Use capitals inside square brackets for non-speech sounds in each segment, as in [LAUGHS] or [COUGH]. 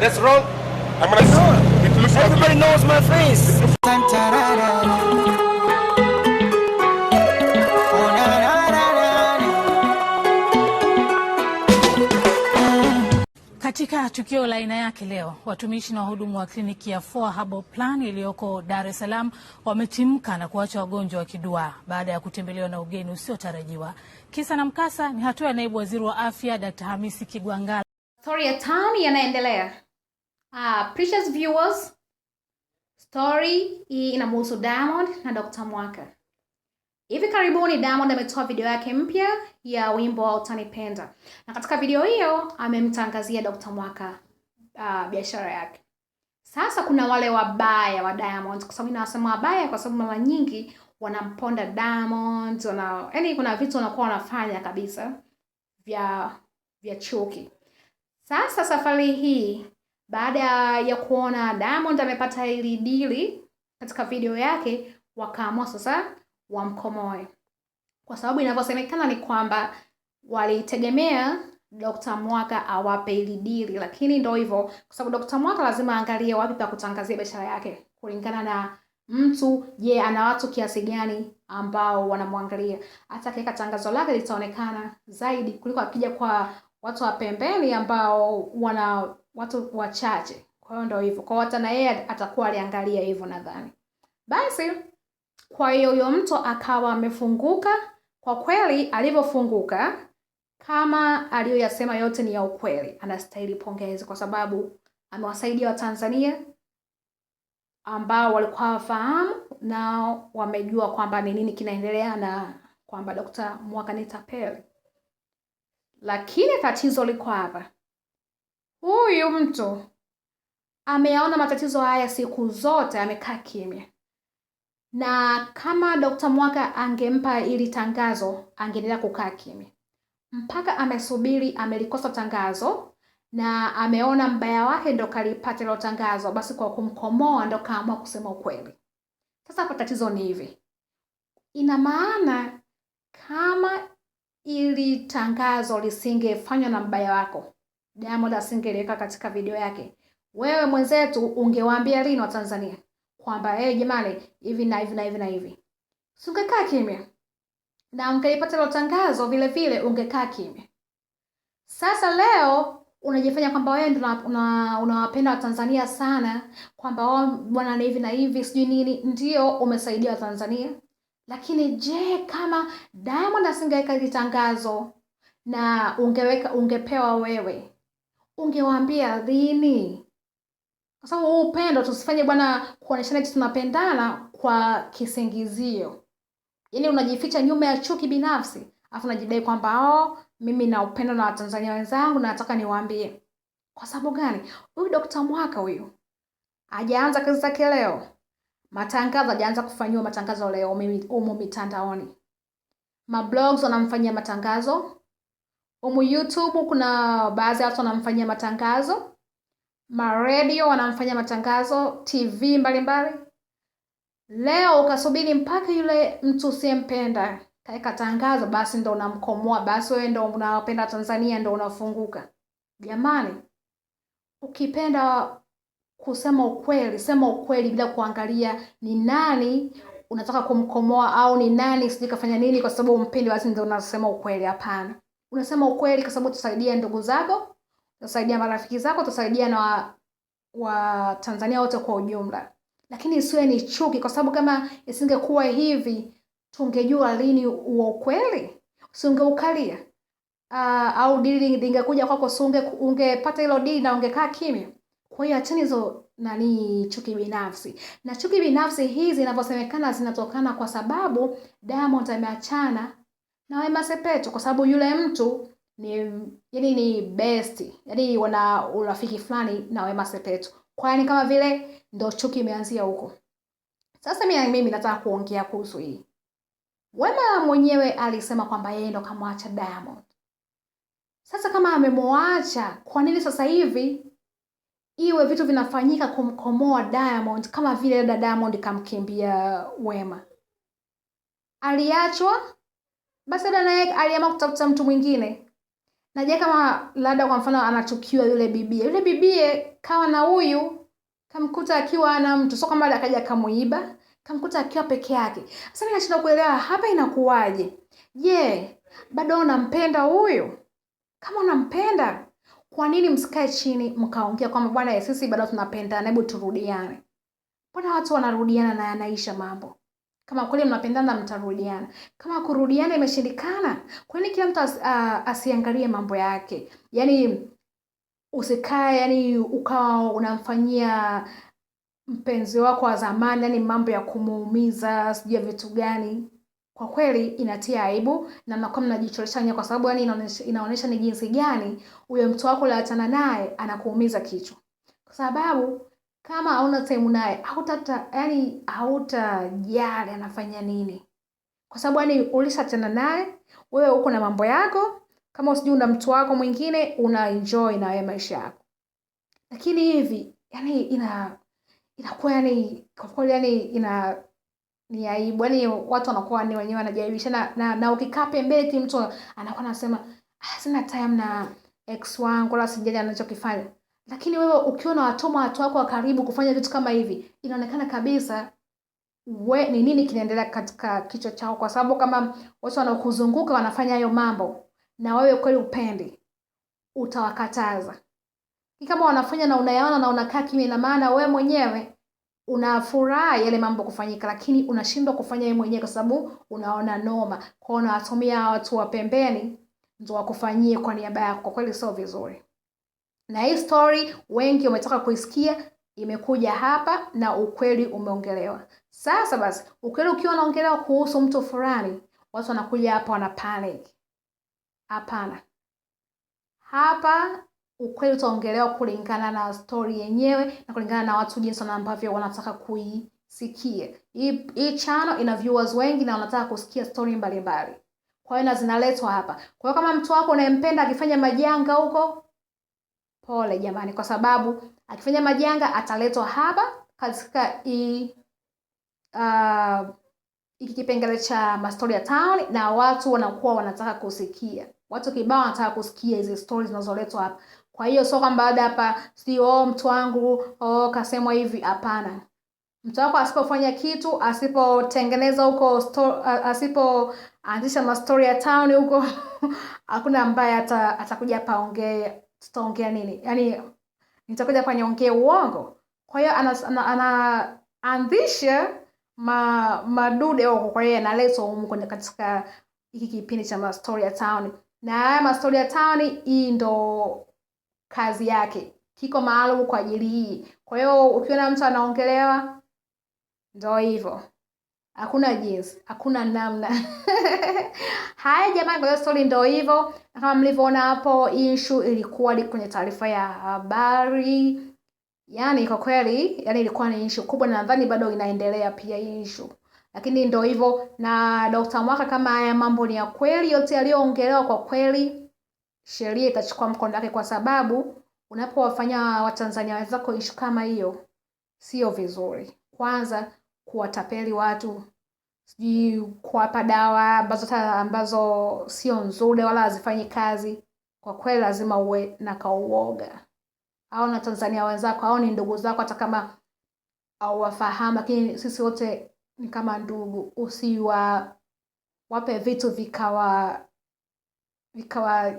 That's wrong. I'm gonna. No. It looks Everybody ugly. knows my face. Katika tukio la aina yake leo, watumishi na wahudumu wa kliniki ya Four Herbal Plan iliyoko Dar es Salaam wametimka na kuacha wagonjwa wakiduaa baada ya kutembelewa na ugeni usiotarajiwa. Kisa na mkasa ni hatua ya naibu waziri wa afya Dr. Hamisi Kigwangala. Story ya tani yanaendelea. Uh, precious viewers, story hii inamuhusu Diamond na Dr. Mwaka. Hivi karibuni Diamond ametoa video yake mpya ya wimbo wa Utanipenda, na katika video hiyo amemtangazia Dr. Mwaka uh, biashara yake. Sasa kuna wale wabaya wa Diamond, kwa sababu nawasema wabaya kwa sababu mara nyingi wanamponda Diamond, wana yani, kuna vitu wanakuwa wanafanya kabisa vya vya chuki. Sasa safari hii baada ya kuona Diamond amepata hili dili katika video yake, wakaamua sasa wamkomoe, kwa sababu inavyosemekana ni kwamba walitegemea Dr. Mwaka awape hili dili, lakini ndio hivyo, kwa sababu Dr. Mwaka lazima aangalie wapi pa kutangazia biashara yake kulingana na mtu je, yeah, ana watu kiasi gani ambao wanamwangalia. Hata akiweka tangazo lake litaonekana zaidi kuliko akija kwa watu wa pembeni ambao wana watu wachache. Kwa hiyo ndio hivyo, kwa hata na yeye atakuwa aliangalia hivyo nadhani. Basi kwa hiyo huyo mtu akawa amefunguka. Kwa kweli alivyofunguka, kama aliyoyasema yote ni ya ukweli, anastahili pongezi kwa sababu amewasaidia Watanzania ambao walikuwa wafahamu na wamejua kwamba ni nini kinaendelea na kwamba Dkt. ni tapeli. Lakini tatizo liko hapa, Huyu mtu ameyaona matatizo haya siku zote, amekaa kimya, na kama Dokta Mwaka angempa ili tangazo, angeendelea kukaa kimya mpaka amesubiri, amelikosa tangazo na ameona mbaya wake ndo kalipata hilo tangazo, basi kwa kumkomoa ndo kaamua kusema ukweli. Sasa hapa tatizo ni hivi, ina maana kama ili tangazo lisingefanywa na mbaya wako Diamond asingeliweka katika video yake. Wewe mwenzetu, ungewaambia lini wa Tanzania kwamba hey, jamani hivi na hivi na hivi na hivi, singekaa kimya na ungeipata ile tangazo, vile vile ungekaa kimya. Sasa leo unajifanya kwamba wewe ndio unawapenda Watanzania sana, kwamba wao oh, bwana na hivi na hivi sijui nini. Ndio umesaidia Watanzania, lakini je, kama Diamond asingeweka ile tangazo na ungeweka ungepewa wewe ungewaambia dhini kwa sababu huu upendo tusifanye bwana kuoneshana eti tunapendana kwa kisingizio, yaani unajificha nyuma ya chuki binafsi afu najidai kwamba oh, mimi na upendo na Watanzania wenzangu na nataka niwaambie. Kwa sababu gani? Huyu Dokta Mwaka huyu hajaanza kazi zake leo, matangazo hajaanza kufanyiwa matangazo leo umo mitandaoni, mablogs wanamfanyia matangazo Humu YouTube kuna baadhi ya watu wanamfanyia matangazo, maredio wanamfanyia matangazo, TV mbalimbali mbali. Leo ukasubiri mpaka yule mtu usiyempenda kaeka tangazo, basi ndo unamkomoa, basi wewe ndo unawapenda Tanzania, ndo unafunguka. Jamani, ukipenda kusema ukweli, sema ukweli bila kuangalia ni nani unataka kumkomoa au ni nani sijui kafanya nini kwa sababu umpendi, basi ndo unasema ukweli. Hapana unasema ukweli, kwa sababu utasaidia ndugu zako, utasaidia marafiki zako, utasaidia na Watanzania wa wote kwa ujumla, lakini isiwe ni chuki, kwa sababu kama isingekuwa hivi tungejua lini uwa ukweli usingeukalia. Uh, au dili lingekuja kwako, si ungepata hilo dili na ungekaa kimya. Kwa hiyo acheni hizo nani chuki binafsi na chuki binafsi hizi zinavyosemekana zinatokana kwa sababu Diamond ameachana na Wema Sepetu kwa sababu yule mtu ni yani ni best, yani wana urafiki fulani na Wema Sepetu, kwa yani kama vile ndo chuki imeanzia huko. Sasa mimi mimi nataka kuongea kuhusu hii. Wema mwenyewe alisema kwamba yeye ndo kamwacha Diamond. Sasa kama amemwacha, kwa nini sasa hivi iwe vitu vinafanyika kumkomoa Diamond kama vile dada Diamond kamkimbia Wema? Aliachwa basi labda naye aliamua kutafuta mtu mwingine. Naje kama labda kwa mfano anachukiwa yule bibie, yule bibie kawa na huyu, kamkuta akiwa na mtu, sio kama akaja kamuiba, kamkuta akiwa peke yake. Sasa mimi nashinda kuelewa hapa inakuwaje? Je, yeah, bado unampenda huyu? Kama unampenda kwa nini msikae chini mkaongea kwamba bwana, sisi bado tunapendana, hebu turudiane? Mbona watu wanarudiana na yanaisha mambo? Kama kweli mnapendana mtarudiana. Kama kurudiana imeshindikana, kwa nini kila mtu as, uh, asiangalie mambo yake? yani usikae yani ukawa unamfanyia mpenzi wako wa zamani yani mambo ya kumuumiza, sijui vitu gani. Kwa kweli inatia aibu na mnakuwa mnajicholesha kwa sababu yani inaonesha, inaonesha ni jinsi gani huyo mtu wako uliachana naye anakuumiza kichwa. Kwa sababu kama hauna time naye hauta yani hautajali anafanya nini, kwa sababu yani ulishachana naye, wewe uko na mambo yako, kama usijui una mtu wako mwingine, una enjoy na wewe maisha yako. Lakini hivi yani ina inakuwa yani kwa kweli yani ina ni aibu yani, watu wanakuwa ni yaani wenyewe wanajaribisha na, na, na ukikaa pembeni mtu anakuwa anasema ah, sina time na ex wangu, la sijali anachokifanya lakini wewe ukiona watoma watu wako wa karibu kufanya vitu kama hivi, inaonekana kabisa we ni nini kinaendelea katika kichwa chao, kwa sababu kama watu wanaokuzunguka wanafanya hayo mambo na wewe kweli upendi, utawakataza. Kama wanafanya na unayaona na unakaa kimya, ina maana wewe mwenyewe unafurahi yale mambo kufanyika, lakini unashindwa kufanya yeye mwenyewe kwa sababu unaona noma. Kwa hiyo unawatumia watu wa pembeni ndio wakufanyie kwa niaba yako. Kwa kweli sio vizuri na hii story wengi umetoka kuisikia, imekuja hapa na ukweli umeongelewa. Sasa basi, ukweli ukiwa unaongelewa kuhusu mtu fulani, watu wanakuja hapa wana panic. Hapana, hapa ukweli utaongelewa kulingana na story yenyewe na kulingana na watu jinsi ambavyo wanataka kuisikia. Hii hii channel ina viewers wengi na wanataka kusikia story mbalimbali, kwa hiyo na zinaletwa hapa. Kwa hiyo kama mtu wako unayempenda akifanya majanga huko pole jamani, kwa sababu akifanya majanga ataletwa hapa katika i, uh, iki kipengele cha mastori ya town, na watu wanakuwa wanataka kusikia, watu kibao wanataka kusikia hizi stori zinazoletwa hapa. Kwa hiyo sio kwamba baada hapa si oh, mtu wangu oh, kasemwa hivi. Hapana, mtu wako asipofanya kitu, asipotengeneza huko, asipoanzisha mastori ya town huko [LAUGHS] hakuna ambaye atakuja ata paongee tutaongea nini? Yaani nitakuja hapa niongee uongo? Kwa hiyo anaanzisha ma, madude huko, kwa hiyo analeta humu katika hiki kipindi cha mastori ya town, na haya mastori ya town, hii ndo kazi yake, kiko maalum kwa ajili hii. Kwa hiyo ukiona mtu anaongelewa, ndo hivyo hakuna jinsi, hakuna namna. [LAUGHS] Haya jamani, kwa hiyo story ndio hivyo, kama mlivyoona hapo, issue ilikuwa ni kwenye taarifa ya habari. Yani kwa kweli, yani ilikuwa ni issue kubwa, na nadhani bado inaendelea pia issue, lakini ndio hivyo. Na Dr. Mwaka, kama haya mambo ni ya kweli, yote yaliyoongelewa, kwa kweli sheria itachukua mkondo wake, kwa sababu unapowafanya Watanzania wenzako issue kama hiyo, sio vizuri. Kwanza kuwatapeli watu sijui kuwapa dawa ambazo ambazo sio nzuri wala hazifanyi kazi, kwa kweli lazima uwe na kauoga au na Tanzania wenzako au ni ndugu zako, hata kama auwafahamu, lakini sisi wote ni kama ndugu. Usiwa wape vitu vikawa vikawa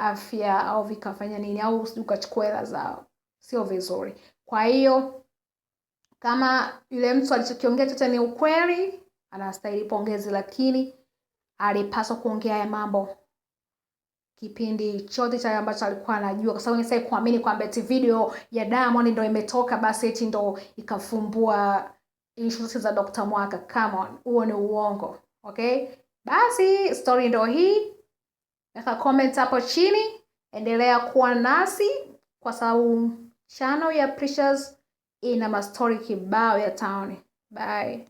afya au vikafanya nini, au ukachukua hela zao, sio vizuri. Kwa hiyo kama yule mtu alichokiongea chote ni ukweli, anastahili pongezi, lakini alipaswa kuongea ya mambo kipindi chote cha ambacho alikuwa anajua, kwa sababu nisai kuamini kwamba eti video ya Diamond ndio imetoka basi eti ndio ikafumbua issues za Dr. Mwaka. Come on, huo ni uongo. Okay, basi story ndio hii. Weka comment hapo chini, endelea kuwa nasi kwa sababu channel ya Precious ina mastori kibao ya town. Bye.